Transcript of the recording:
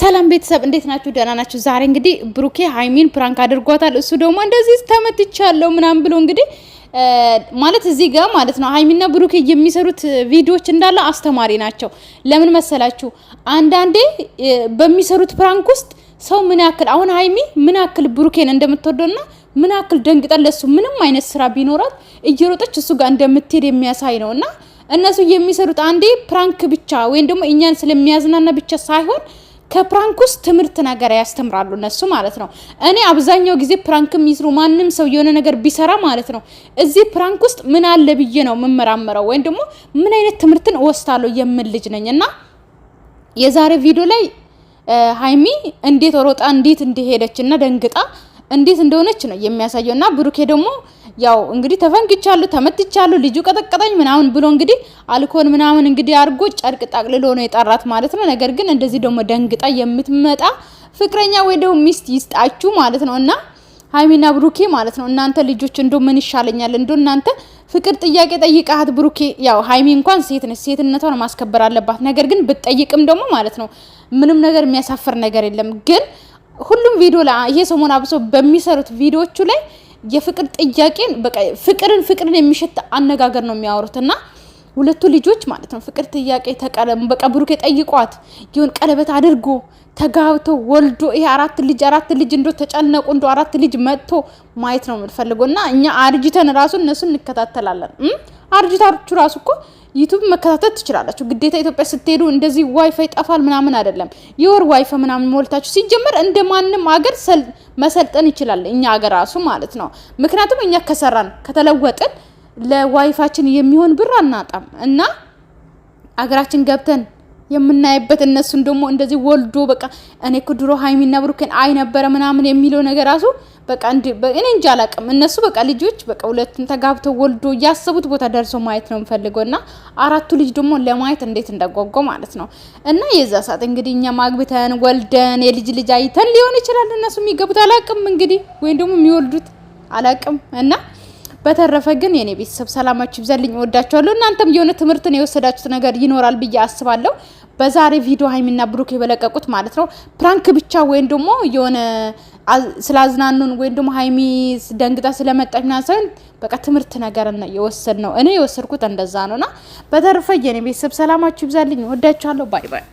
ሰላም ቤተሰብ እንዴት ናችሁ? ደህና ናችሁ? ዛሬ እንግዲህ ብሩኬ ሀይሚን ፕራንክ አድርጓታል። እሱ ደግሞ እንደዚህ ተመትቻለሁ ምናምን ብሎ እንግዲህ ማለት እዚህ ጋር ማለት ነው ሀይሚና ብሩኬ የሚሰሩት ቪዲዮዎች እንዳለ አስተማሪ ናቸው። ለምን መሰላችሁ? አንዳንዴ በሚሰሩት ፕራንክ ውስጥ ሰው ምን ያክል አሁን ሀይሚ ምን ያክል ብሩኬን እንደምትወደውና ምን ያክል ደንግጣ ለሱ ምንም አይነት ስራ ቢኖራት እየሮጠች እሱ ጋር እንደምትሄድ የሚያሳይ ነው እና እነሱ የሚሰሩት አንዴ ፕራንክ ብቻ ወይም ደግሞ እኛን ስለሚያዝናና ብቻ ሳይሆን ከፕራንክ ውስጥ ትምህርት ነገር ያስተምራሉ እነሱ ማለት ነው። እኔ አብዛኛው ጊዜ ፕራንክ የሚስሩ ማንም ሰው የሆነ ነገር ቢሰራ ማለት ነው እዚህ ፕራንክ ውስጥ ምን አለ ብዬ ነው የምመራመረው ወይም ደግሞ ምን አይነት ትምህርትን እወስዳለሁ የምል ልጅ ነኝ እና የዛሬ ቪዲዮ ላይ ሀይሚ እንዴት ሮጣ እንዴት እንደሄደች እና ደንግጣ እንዴት እንደሆነች ነው የሚያሳየው እና ብሩኬ ደግሞ ያው እንግዲህ ተፈንክቻለሁ፣ ተመትቻለሁ፣ ልጁ ቀጠቀጠኝ ምናምን ብሎ እንግዲህ አልኮል ምናምን እንግዲህ አድርጎ ጨርቅ ጣቅልሎ ነው የጠራት ማለት ነው። ነገር ግን እንደዚህ ደግሞ ደንግጣ የምትመጣ ፍቅረኛ ወይ ደግሞ ሚስት ይስጣችሁ ማለት ነው እና ሀይሚና ብሩኬ ማለት ነው። እናንተ ልጆች እንዶ ምን ይሻለኛል እንዶ እናንተ ፍቅር ጥያቄ ጠይቃት ብሩኬ። ያው ሀይሚ እንኳን ሴት ነች፣ ሴትነቷን ማስከበር አለባት። ነገር ግን ብትጠይቅም ደግሞ ማለት ነው ምንም ነገር የሚያሳፍር ነገር የለም። ግን ሁሉም ቪዲዮ ላይ ይሄ ሰሞን አብሶ በሚሰሩት ቪዲዮቹ ላይ የፍቅር ጥያቄን በቃ ፍቅርን ፍቅርን የሚሸት አነጋገር ነው የሚያወሩት እና ሁለቱ ልጆች ማለት ነው ፍቅር ጥያቄ ተቀለም በቃ ብሩኬ ጠይቋት ይሁን ቀለበት አድርጎ ተጋብቶ ወልዶ ይሄ አራት ልጅ አራት ልጅ እንዶ ተጨነቁ እንዶ አራት ልጅ መጥቶ ማየት ነው የምንፈልገው እና እኛ አርጅተን ራሱ እነሱ እንከታተላለን። አርጅታችሁ ራሱ እኮ ዩቱብ መከታተል ትችላላችሁ። ግዴታ ኢትዮጵያ ስትሄዱ እንደዚህ ዋይፋይ ጠፋል ምናምን አይደለም። የወር ዋይፋ ምናምን ሞልታችሁ ሲጀመር እንደ ማንም ሀገር መሰልጠን ይችላል እኛ ሀገር ራሱ ማለት ነው። ምክንያቱም እኛ ከሰራን ከተለወጥን ለዋይፋችን የሚሆን ብር አናጣም እና አገራችን ገብተን የምናይበት እነሱን ደግሞ እንደዚህ ወልዶ በቃ እኔ እኮ ድሮ ሀይሚና ብሩኬን አይ ነበረ ምናምን የሚለው ነገር ራሱ በቃ እኔ እንጂ አላቅም። እነሱ በቃ ልጆች በቃ ሁለቱም ተጋብተው ወልዶ እያሰቡት ቦታ ደርሶ ማየት ነው የምፈልገው እና አራቱ ልጅ ደግሞ ለማየት እንዴት እንደጓጓ ማለት ነው። እና የዛ ሰዓት እንግዲህ እኛ ማግብተን ወልደን የልጅ ልጅ አይተን ሊሆን ይችላል እነሱ የሚገቡት አላቅም፣ እንግዲህ ወይም ደግሞ የሚወልዱት አላቅም እና በተረፈ ግን የኔ ቤተሰብ ሰላማችሁ ይብዛልኝ፣ እወዳችኋለሁ። እናንተም የሆነ ትምህርትን የወሰዳችሁት ነገር ይኖራል ብዬ አስባለሁ። በዛሬ ቪዲዮ ሀይሚና ብሩክ የበለቀቁት ማለት ነው ፕራንክ ብቻ ወይም ደግሞ የሆነ ስላዝናኑን ወይም ደግሞ ሀይሚ ደንግጣ ስለመጣች ምናምን ሳይሆን በቃ ትምህርት ነገር የወሰድ ነው። እኔ የወሰድኩት እንደዛ ነው። ና በተረፈ የኔ ቤተሰብ ሰላማችሁ ይብዛልኝ፣ እወዳችኋለሁ። ባይ ባይ